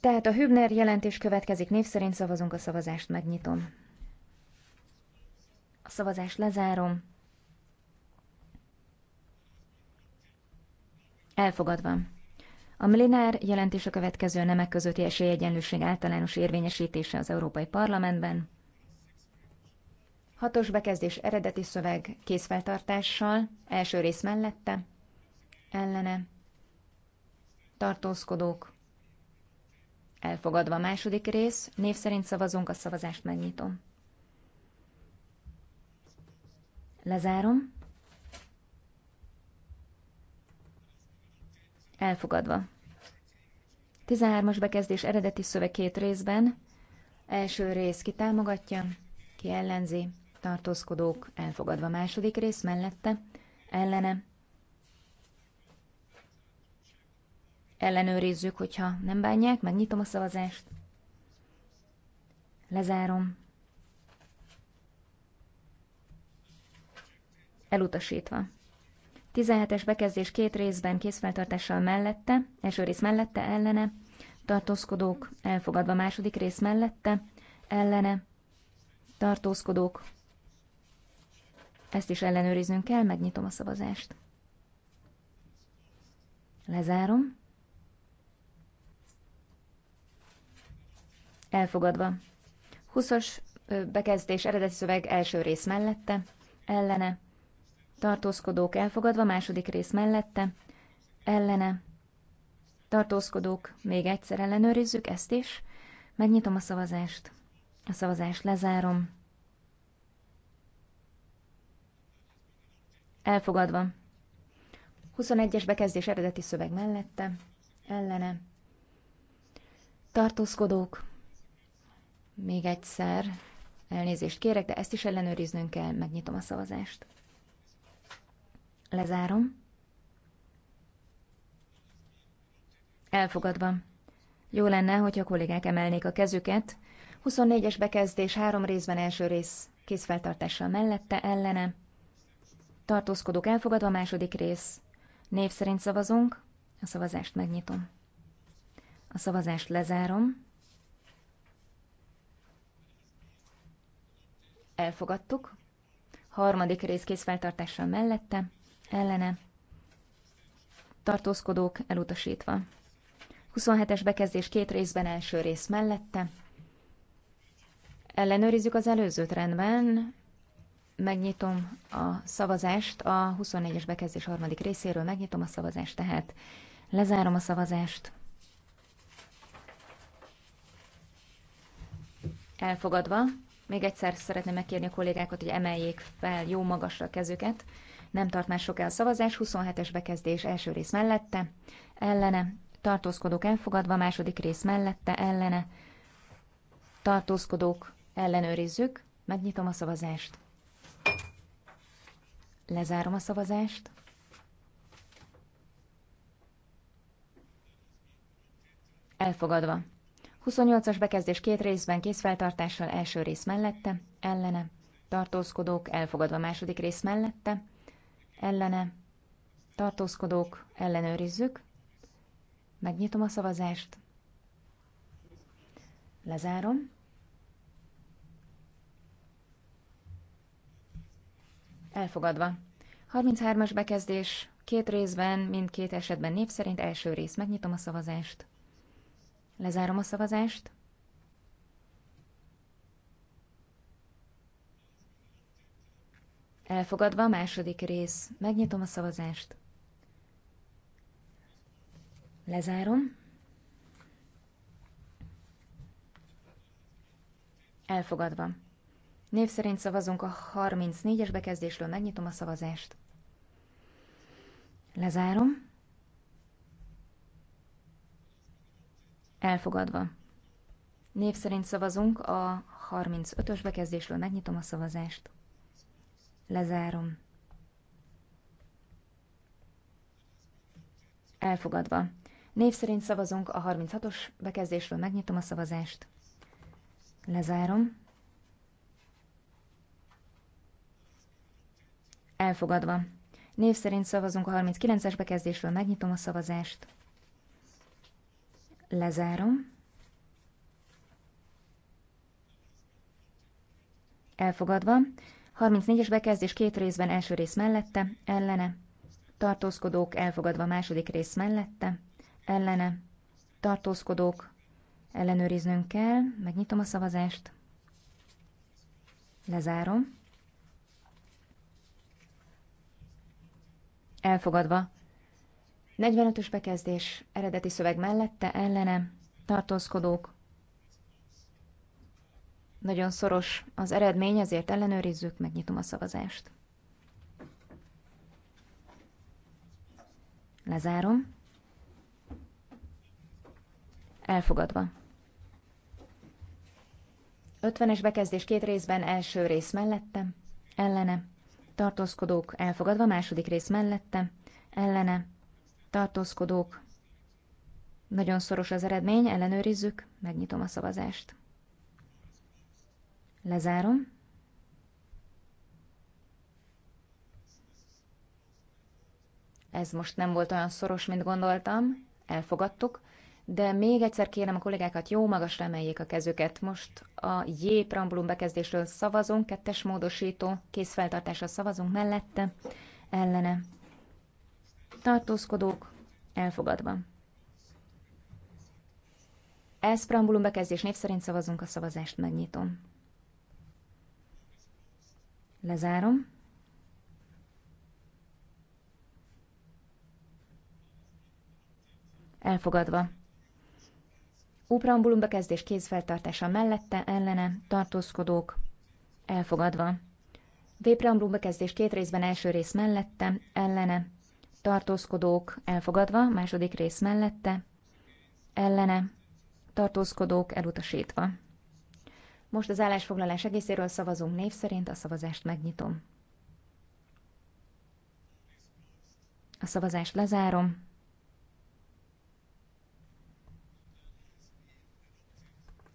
Tehát a Hübner jelentés következik, név szerint szavazunk a szavazást, megnyitom. A szavazást lezárom. Elfogadva. A Millinár jelentés a következő nemek közötti esélyegyenlőség általános érvényesítése az Európai Parlamentben. Hatos bekezdés eredeti szöveg készfeltartással, első rész mellette, ellene, tartózkodók, elfogadva a második rész, név szerint szavazunk, a szavazást megnyitom. Lezárom. Elfogadva. 13-as bekezdés eredeti szöveg két részben. Első rész ki támogatja, ki ellenzi, tartózkodók elfogadva. Második rész mellette, ellene. Ellenőrizzük, hogyha nem bánják, megnyitom a szavazást. Lezárom. Elutasítva. 17-es bekezdés két részben készfeltartással mellette, első rész mellette ellene, tartózkodók elfogadva második rész mellette, ellene, tartózkodók. Ezt is ellenőriznünk kell, megnyitom a szavazást. Lezárom. Elfogadva. 20-as bekezdés eredeti szöveg első rész mellette, ellene, tartózkodók elfogadva, második rész mellette, ellene, tartózkodók, még egyszer ellenőrizzük ezt is, megnyitom a szavazást, a szavazást lezárom, elfogadva, 21-es bekezdés eredeti szöveg mellette, ellene, tartózkodók, még egyszer, elnézést kérek, de ezt is ellenőriznünk kell, megnyitom a szavazást. Lezárom. Elfogadva. Jó lenne, hogyha kollégák emelnék a kezüket. 24-es bekezdés három részben első rész készfeltartással mellette, ellene. Tartózkodók elfogadva második rész. Név szerint szavazunk. A szavazást megnyitom. A szavazást lezárom. Elfogadtuk. Harmadik rész készfeltartással mellette ellene tartózkodók elutasítva. 27-es bekezdés két részben első rész mellette. Ellenőrizzük az előzőt rendben. Megnyitom a szavazást a 24-es bekezdés harmadik részéről. Megnyitom a szavazást, tehát lezárom a szavazást. Elfogadva. Még egyszer szeretném megkérni a kollégákat, hogy emeljék fel jó magasra a kezüket nem tart már soká a szavazás, 27-es bekezdés első rész mellette, ellene, tartózkodók elfogadva, második rész mellette, ellene, tartózkodók ellenőrizzük, megnyitom a szavazást. Lezárom a szavazást. Elfogadva. 28-as bekezdés két részben készfeltartással első rész mellette, ellene, tartózkodók elfogadva második rész mellette, ellene, tartózkodók, ellenőrizzük. Megnyitom a szavazást. Lezárom. Elfogadva. 33-as bekezdés, két részben, mindkét esetben név szerint első rész. Megnyitom a szavazást. Lezárom a szavazást. Elfogadva a második rész. Megnyitom a szavazást. Lezárom. Elfogadva. Név szerint szavazunk a 34-es bekezdésről. Megnyitom a szavazást. Lezárom. Elfogadva. Név szerint szavazunk a 35-ös bekezdésről. Megnyitom a szavazást. Lezárom. Elfogadva. Név szerint szavazunk a 36-os bekezdésről. Megnyitom a szavazást. Lezárom. Elfogadva. Név szerint szavazunk a 39-es bekezdésről. Megnyitom a szavazást. Lezárom. Elfogadva. 34-es bekezdés két részben első rész mellette, ellene, tartózkodók elfogadva második rész mellette, ellene, tartózkodók ellenőriznünk kell, megnyitom a szavazást, lezárom, elfogadva, 45-ös bekezdés eredeti szöveg mellette, ellene, tartózkodók nagyon szoros az eredmény, ezért ellenőrizzük, megnyitom a szavazást. Lezárom. Elfogadva. 50-es bekezdés két részben, első rész mellette, ellene, tartózkodók elfogadva, második rész mellette, ellene, tartózkodók. Nagyon szoros az eredmény, ellenőrizzük, megnyitom a szavazást. Lezárom. Ez most nem volt olyan szoros, mint gondoltam. Elfogadtuk. De még egyszer kérem a kollégákat, jó magasra emeljék a kezüket. Most a J preambulum bekezdésről szavazunk, kettes módosító, készfeltartásra szavazunk mellette, ellene. Tartózkodók, elfogadva. Ez preambulum bekezdés név szerint szavazunk, a szavazást megnyitom. Lezárom. Elfogadva. Uprambulum bekezdés kézfeltartása mellette, ellene, tartózkodók. Elfogadva. Vépreambulum bekezdés két részben első rész mellette, ellene, tartózkodók. Elfogadva, második rész mellette, ellene, tartózkodók elutasítva. Most az állásfoglalás egészéről szavazunk név szerint, a szavazást megnyitom. A szavazást lezárom.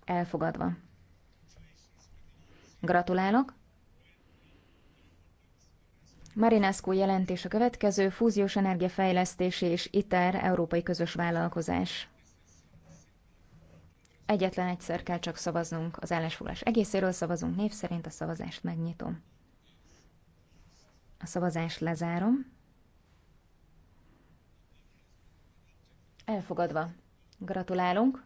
Elfogadva. Gratulálok! Marinescu jelentés a következő fúziós energiafejlesztési és ITER európai közös vállalkozás. Egyetlen egyszer kell csak szavaznunk. Az állásfoglalás egészéről szavazunk név szerint, a szavazást megnyitom. A szavazást lezárom. Elfogadva. Gratulálunk.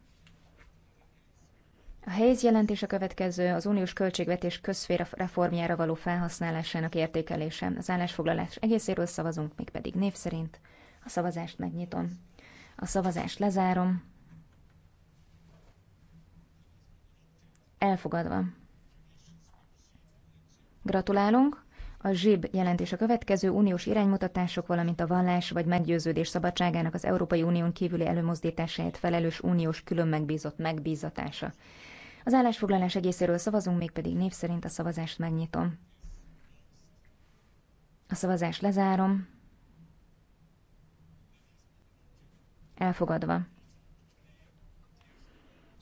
A helyz jelentés a következő az uniós költségvetés közféra reformjára való felhasználásának értékelése. Az állásfoglalás egészéről szavazunk, mégpedig név szerint. A szavazást megnyitom. A szavazást lezárom. Elfogadva. Gratulálunk! A ZSIB jelentés a következő uniós iránymutatások, valamint a vallás vagy meggyőződés szabadságának az Európai Unión kívüli előmozdításáért felelős uniós külön megbízott megbízatása. Az állásfoglalás egészéről szavazunk, mégpedig név szerint a szavazást megnyitom. A szavazást lezárom. Elfogadva.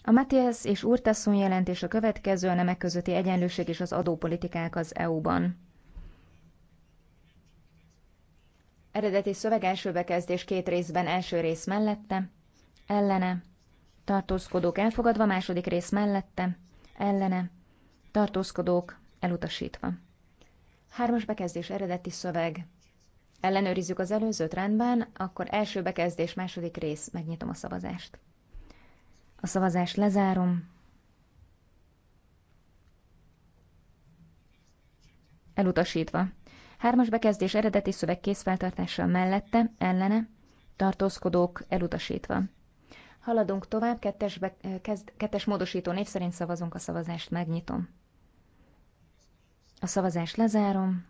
A Matthias és Urtasun jelentés a következő a nemek közötti egyenlőség és az adópolitikák az EU-ban. Eredeti szöveg első bekezdés két részben első rész mellette, ellene, tartózkodók elfogadva második rész mellette, ellene, tartózkodók elutasítva. Hármas bekezdés eredeti szöveg. Ellenőrizzük az előzőt rendben, akkor első bekezdés második rész, megnyitom a szavazást. A szavazást lezárom. Elutasítva. Hármas bekezdés eredeti szöveg készfeltartással mellette, ellene, tartózkodók elutasítva. Haladunk tovább, kettes, be, eh, kezd, kettes módosító név szerint szavazunk a szavazást, megnyitom. A szavazást lezárom.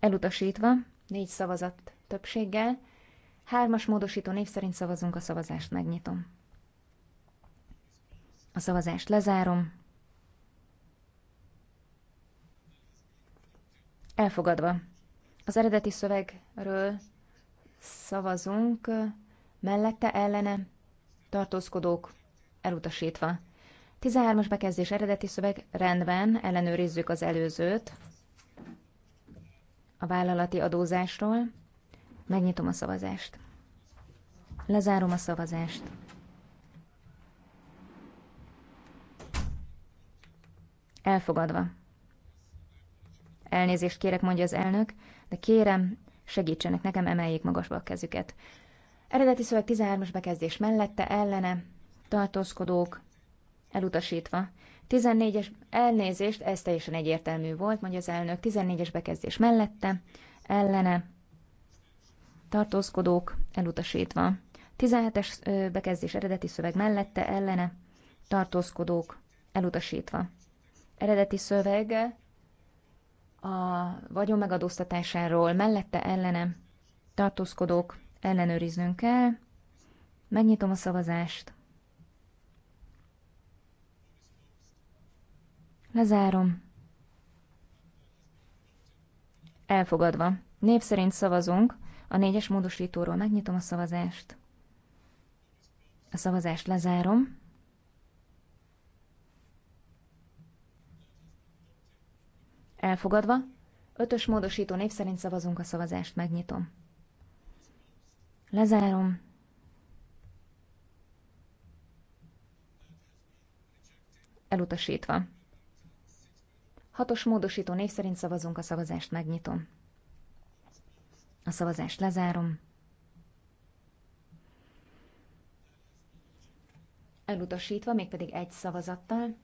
Elutasítva, négy szavazat többséggel, Hármas módosító név szerint szavazunk, a szavazást megnyitom. A szavazást lezárom. Elfogadva. Az eredeti szövegről szavazunk, mellette ellene tartózkodók elutasítva. 13-as bekezdés eredeti szöveg, rendben, ellenőrizzük az előzőt a vállalati adózásról. Megnyitom a szavazást. Lezárom a szavazást. Elfogadva. Elnézést kérek, mondja az elnök, de kérem, segítsenek nekem, emeljék magasba a kezüket. Eredeti szöveg 13-as bekezdés mellette, ellene, tartózkodók, elutasítva. 14-es elnézést, ez teljesen egyértelmű volt, mondja az elnök, 14-es bekezdés mellette, ellene, tartózkodók elutasítva. 17-es bekezdés eredeti szöveg mellette ellene tartózkodók elutasítva. Eredeti szöveg a vagyon megadóztatásáról mellette ellene tartózkodók ellenőriznünk kell. Megnyitom a szavazást. Lezárom. Elfogadva. Név szerint szavazunk a négyes módosítóról megnyitom a szavazást. A szavazást lezárom. Elfogadva. Ötös módosító név szerint szavazunk a szavazást, megnyitom. Lezárom. Elutasítva. Hatos módosító név szerint szavazunk a szavazást, megnyitom. A szavazást lezárom. Elutasítva, mégpedig egy szavazattal.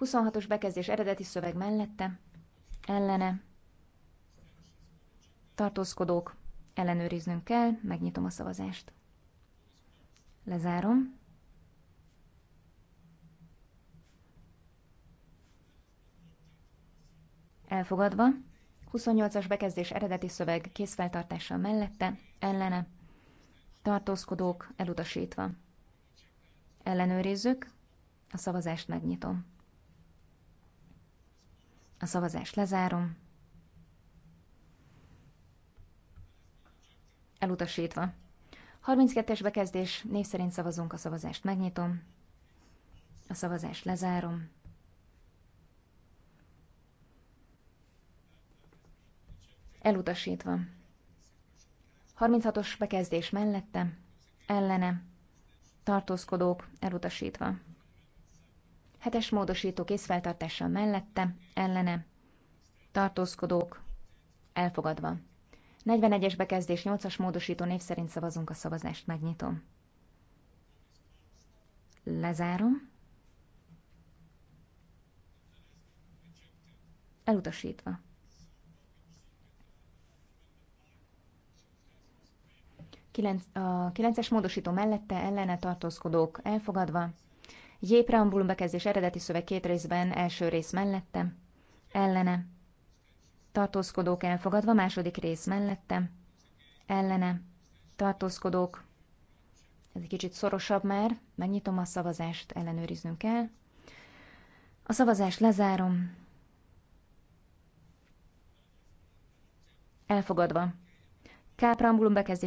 26-os bekezdés eredeti szöveg mellette, ellene, tartózkodók, ellenőriznünk kell, megnyitom a szavazást. Lezárom. Elfogadva. 28-as bekezdés eredeti szöveg készfeltartása mellette, ellene, tartózkodók elutasítva. Ellenőrizzük, a szavazást megnyitom. A szavazást lezárom. Elutasítva. 32-es bekezdés, név szerint szavazunk, a szavazást megnyitom. A szavazást lezárom. Elutasítva. 36-os bekezdés mellette, ellene, tartózkodók elutasítva. Hetes módosító készfeltartása mellette, ellene, tartózkodók elfogadva. 41-es bekezdés 8-as módosító név szerint szavazunk a szavazást, megnyitom. Lezárom. Elutasítva. 9, a 9-es módosító mellette ellene tartózkodók elfogadva, J. preambulum bekezdés eredeti szöveg két részben, első rész mellette, ellene, tartózkodók elfogadva, második rész mellette, ellene, tartózkodók, ez egy kicsit szorosabb már, megnyitom a szavazást, ellenőriznünk kell. A szavazást lezárom. Elfogadva. K. Prambulum bekezdés